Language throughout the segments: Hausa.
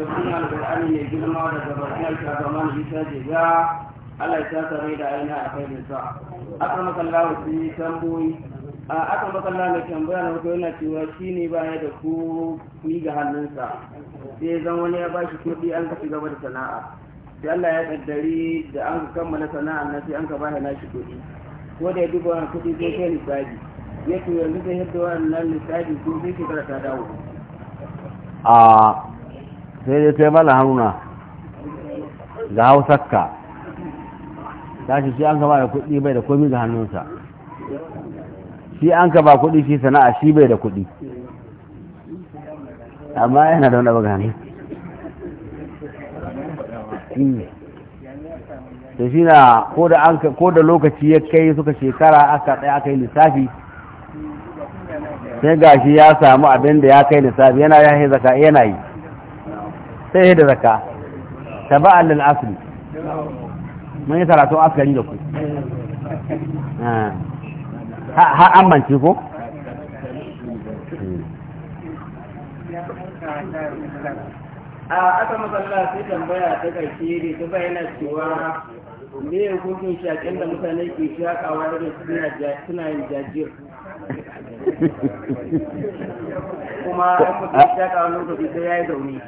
tafsirin alkur'ani mai girma daga bakin alkagaman isa jiga allah ya sa da aina a kai nisa aka makalla wasu yi tamboyi aka makalla mai tambaya na hukumar yana cewa shi ne baya da ku ni ga hannunsa sai zan wani ya ba shi kuɗi an ka gaba da sana'a sai allah ya kaddari da an kammala sana'a na sai an ka ba na shi kuɗi ko da ya duba wani kuɗi zai kai lissafi ya ce yanzu zai yadda wannan lissafi ko zai shekara ta dawo a sai dai ta mala haruna ga hausarka ta shi an ka ba da kudi bai da komi ga hannunsa shi an ka ba kudi shi sana'a shi bai da kudi amma yana da wanda bagani da shi na ko da lokaci ya kai suka shekara aka tsaye aka yi lissafi sai gashi ya samu abin da ya kai lissafi yana ya zaka yana yi sai da zakka taba'an lil asli mun yi karatu Asirin da ku ha an ko a aka matsala sai tambaya ta ƙarshe da ta bayyana cewa me ya gudun shaƙin da mutane ke shaƙawa da suna yin jajir kuma an mutu ya shaƙa wani lokaci ya yi zaune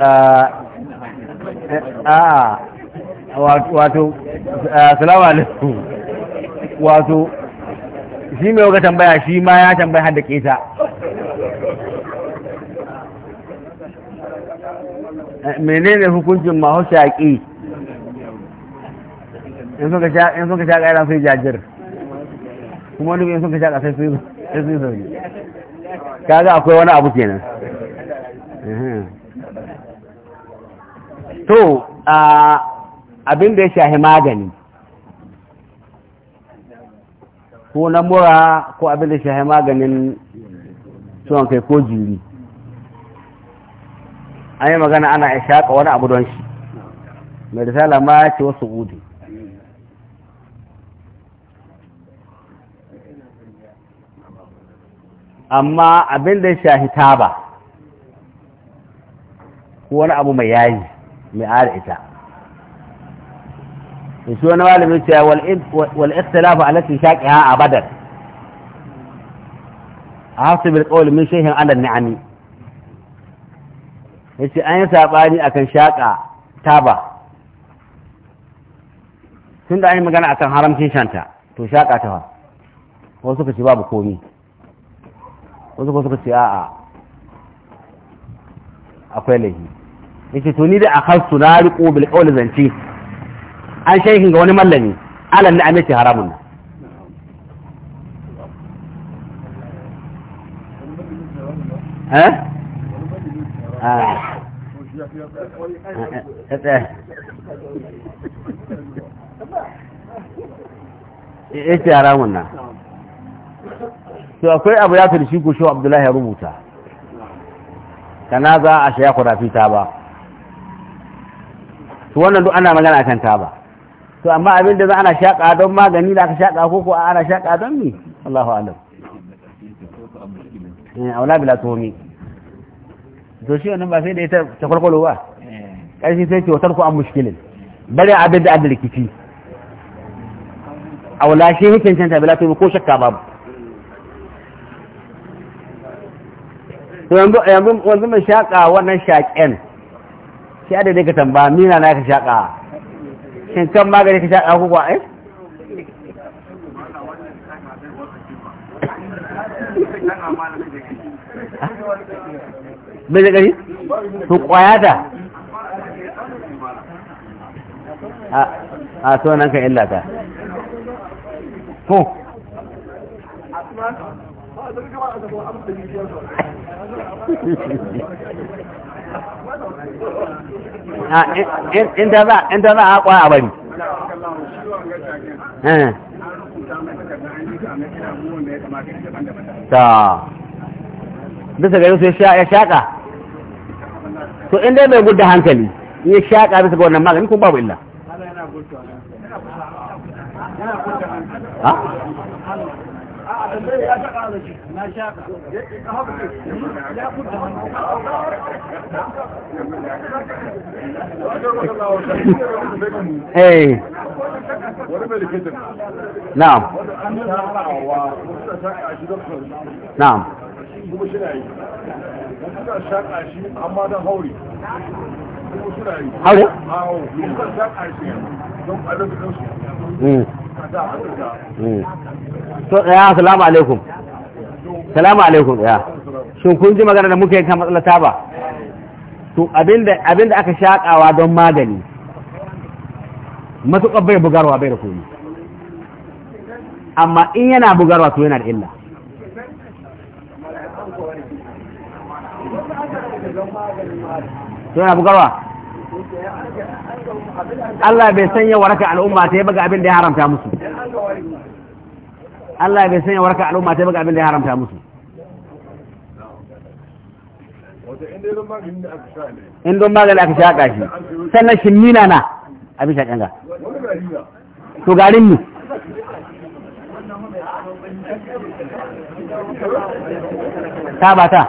ah, eh, ah, wato ah, salamu alaikum wato shi mai waka tambaya shi ma ya tambaya har da eh, menene hukuncin mahau shaƙi in suka shaƙa yana sai jajir kuma wani bai sun ka shaƙa sai su yi sauri ga akwai wani abu kenan to abin da ya shahi magani ko na mura ko abin da ya shahi maganin ciwon kai ko jiri an yi magana ana shaƙa wani abu don shi mai risala ma ce wasu udu amma abin da ya shahi taba ko wani abu mai yayi mai ara ita in shi wani malami ce wal ikhtilafu ala shaqiha abadan hasib al qawl min shay'in ala ni'ami yace an yi sabani akan shaqa taba tunda an yi magana akan haramcin shanta to shaqa ta wa wasu ka ci babu komi wasu kuma suka ce a'a akwai lahi yace to ni da akhasu na riqo bil qawl zanci an shaykhin ga wani mallami alan na amince haramun na eh ah eh, eh. Eh, yace haramun na to akwai abu ya fi shi ko shi abdullahi ya rubuta kana za a shaya ku rafi ta ba to wannan duk ana magana kan ta ba to amma abin da za ana shaƙa don magani da aka shaƙa ko ko ana shaƙa don mi Allahu alam eh aula bila tuhumi to shi wannan ba sai da ita ta kwalkwalo ba kashi sai ce watar ku an mushkilin bari abin da adda rikici aula shi hikin canta bila tuhumi ko shakka babu yanzu yanzu mai shaƙa wannan shaƙen shi a daidai ka tamba mina na ka shaƙa shi kan magani ka shaƙa ko kuwa ai eh? bai da ƙari? su kwaya ta a so nan ka illata ko Ah, inda ta za a kwa a bari eh. ta bisa ga sai ya shaƙa to inda bai gudda hankali ya shaƙa bisa ga wannan magani kuma babu illa eh na'am na'am haure don hmm. hmm. ya salamu alaikum salamu alaikum ya shin kun ji magana da muke yi kan matsalar taba to abinda abinda aka shakawa don magani matuƙar bai bugarwa bai da komi amma in yana bugarwa to yana da illa to yana bugarwa Allah bai sanya waraka al'umma ta yi baga abin da ya haramta musu Allah bai sanya warka al'umma ta baka abin da ya haramta musu in don magani aka shaƙa shi sannan shimmina na abin shaƙan ga to garin mu ta ba ta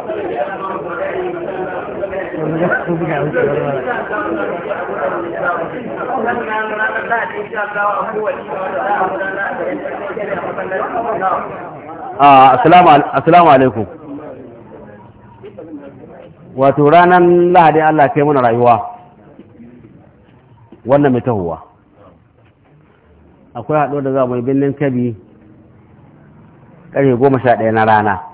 Ah, assalamu alaikum. Wato ranar lahadin Allah ke mana rayuwa wannan mai tahowa. Akwai haɗo da za mu yi birnin kabi ƙarfe goma sha ɗaya na rana.